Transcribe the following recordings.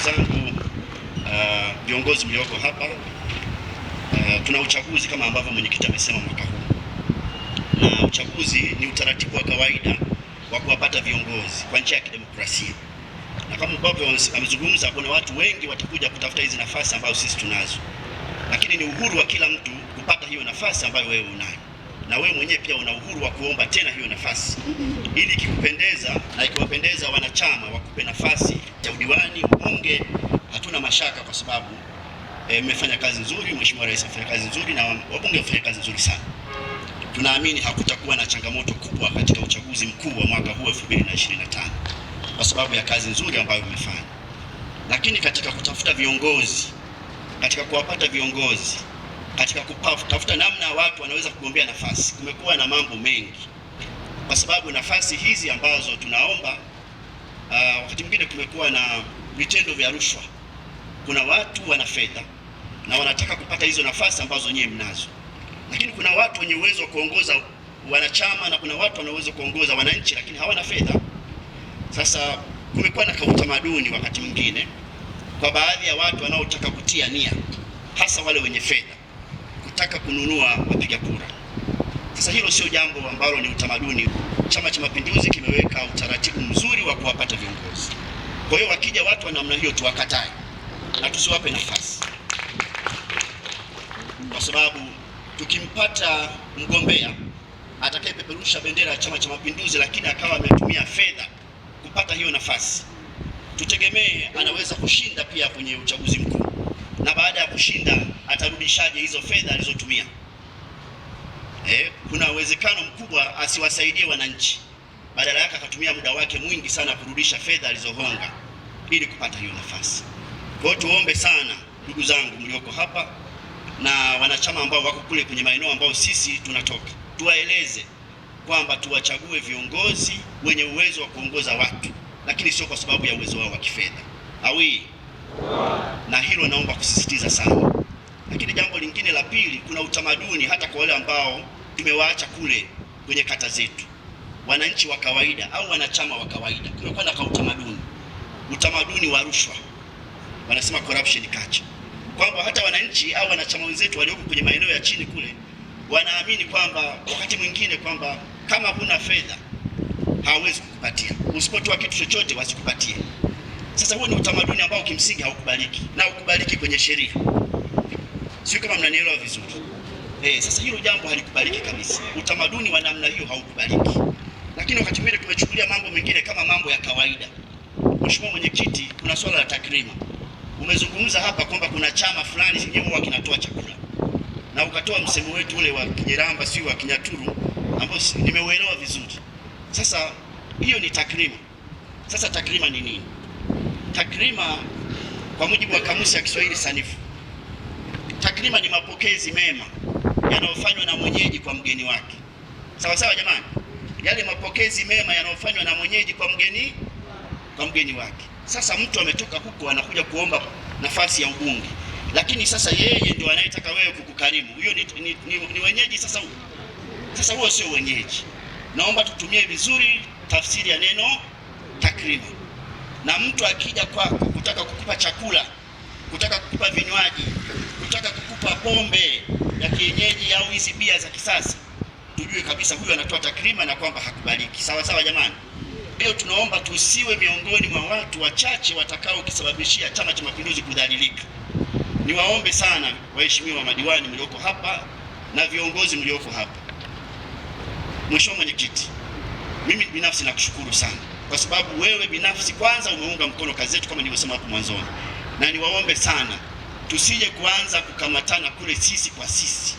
zangu uh, viongozi uh, mlioko hapa uh, tuna uchaguzi kama ambavyo mwenyekiti amesema mwaka huu, na uchaguzi ni utaratibu wa kawaida wa kuwapata viongozi kwa njia ya kidemokrasia, na kama ambavyo amezungumza, kuna watu wengi watakuja kutafuta hizi nafasi ambazo sisi tunazo, lakini ni uhuru wa kila mtu kupata hiyo nafasi ambayo wewe unayo na wewe mwenyewe pia una uhuru wa kuomba tena hiyo nafasi, ili ikikupendeza na ikiwapendeza wanachama wakupe nafasi ya udiwani, ubunge. Hatuna mashaka kwa sababu eh, mmefanya e, kazi nzuri. Mheshimiwa Rais amefanya kazi nzuri na wabunge wamefanya kazi nzuri sana. Tunaamini hakutakuwa na changamoto kubwa katika uchaguzi mkuu wa mwaka huu 2025 kwa sababu ya kazi nzuri ambayo mmefanya, lakini katika kutafuta viongozi, katika kuwapata viongozi katika kutafuta namna watu wanaweza kugombea nafasi. Kumekuwa na mambo mengi, kwa sababu nafasi hizi ambazo tunaomba uh, wakati mwingine kumekuwa na vitendo vya rushwa. Kuna watu wana fedha na wanataka kupata hizo nafasi ambazo nyewe mnazo, lakini kuna watu wenye uwezo wa kuongoza wanachama na kuna watu wana uwezo kuongoza wananchi, lakini hawana fedha. Sasa kumekuwa na kautamaduni wakati mwingine kwa baadhi ya watu wanaotaka kutia nia, hasa wale wenye fedha wanataka kununua wapiga kura. Sasa hilo sio jambo ambalo ni utamaduni. Chama cha Mapinduzi kimeweka utaratibu mzuri wa kuwapata viongozi. Kwa hiyo wakija watu wa namna hiyo tuwakatae na tusiwape nafasi, kwa sababu tukimpata mgombea atakayepeperusha bendera ya Chama cha Mapinduzi, lakini akawa ametumia fedha kupata hiyo nafasi, tutegemee anaweza kushinda pia kwenye uchaguzi mkuu na baada ya kushinda atarudishaje hizo fedha alizotumia. Eh, kuna uwezekano mkubwa asiwasaidie wananchi, badala yake akatumia muda wake mwingi sana kurudisha fedha alizohonga ili kupata hiyo nafasi. Kwa hiyo tuombe sana ndugu zangu mlioko hapa na wanachama ambao wako kule kwenye maeneo ambao sisi tunatoka, tuwaeleze kwamba tuwachague viongozi wenye uwezo wa kuongoza watu, lakini sio kwa sababu ya uwezo wao wa kifedha. Awi, na hilo naomba kusisitiza sana. Lakini jambo lingine la pili, kuna utamaduni hata kwa wale ambao tumewaacha kule kwenye kata zetu, wananchi wa kawaida au wanachama wa kawaida, kumekuwa na utamaduni, utamaduni wa rushwa, wanasema corruption culture, kwamba hata wananchi au wanachama wenzetu walioko kwenye maeneo ya chini kule wanaamini kwamba wakati mwingine kwamba kama huna fedha hawawezi kukupatia, usipotoa kitu chochote wasikupatie. Sasa huo ni utamaduni ambao kimsingi haukubaliki na ukubaliki kwenye sheria. Sio kama mnanielewa vizuri. Eh, sasa hilo jambo halikubaliki kabisa. Utamaduni wa namna hiyo haukubaliki. Lakini wakati mwingine tumechukulia mambo mengine kama mambo ya kawaida. Mheshimiwa Mwenyekiti, kuna swala la takrima. Umezungumza hapa kwamba kuna chama fulani chenye huwa kinatoa chakula. Na ukatoa msemo wetu ule wa Kijeramba, sio wa Kinyaturu ambao nimeuelewa vizuri. Sasa hiyo ni takrima. Sasa takrima ni nini? Takrima kwa mujibu wa kamusi ya Kiswahili sanifu takriban ni mapokezi mema yanayofanywa na mwenyeji kwa mgeni wake. Sawa sawa, jamani, yale mapokezi mema yanayofanywa na mwenyeji kwa mgeni kwa mgeni wake. Sasa mtu ametoka huko anakuja kuomba nafasi ya ubunge, lakini sasa yeye ndio anayetaka wewe kukukarimu. Huyo ni, ni, ni, ni wenyeji sasa huo. Sasa sio wenyeji. Naomba tutumie vizuri tafsiri ya neno takriban Na mtu akija kwako kutaka kukupa chakula, kutaka kukupa vinywaji pombe ya kienyeji au hizi bia za kisasa, tujue kabisa huyu anatoa takrima na kwamba hakubaliki. Sawa sawa, jamani. Leo tunaomba tusiwe miongoni mwa watu wachache watakao kisababishia Chama cha Mapinduzi kudhalilika. Niwaombe sana waheshimiwa madiwani mlioko hapa na viongozi mlioko hapa. Mheshimiwa Mwenyekiti, mimi binafsi nakushukuru sana kwa sababu wewe binafsi kwanza umeunga mkono kazi yetu kama nilivyosema hapo mwanzoni, na niwaombe sana tusije kuanza kukamatana kule sisi kwa sisi.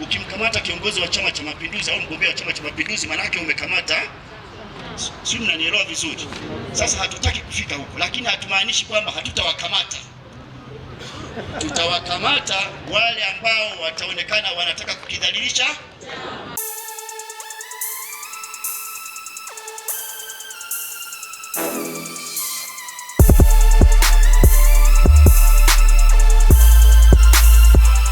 Ukimkamata kiongozi wa Chama cha Mapinduzi au mgombea wa Chama cha Mapinduzi, maana yake umekamata, si mnanielewa vizuri? Sasa hatutaki kufika huko, lakini hatumaanishi kwamba hatutawakamata. Tutawakamata wale ambao wataonekana wanataka kukidhalilisha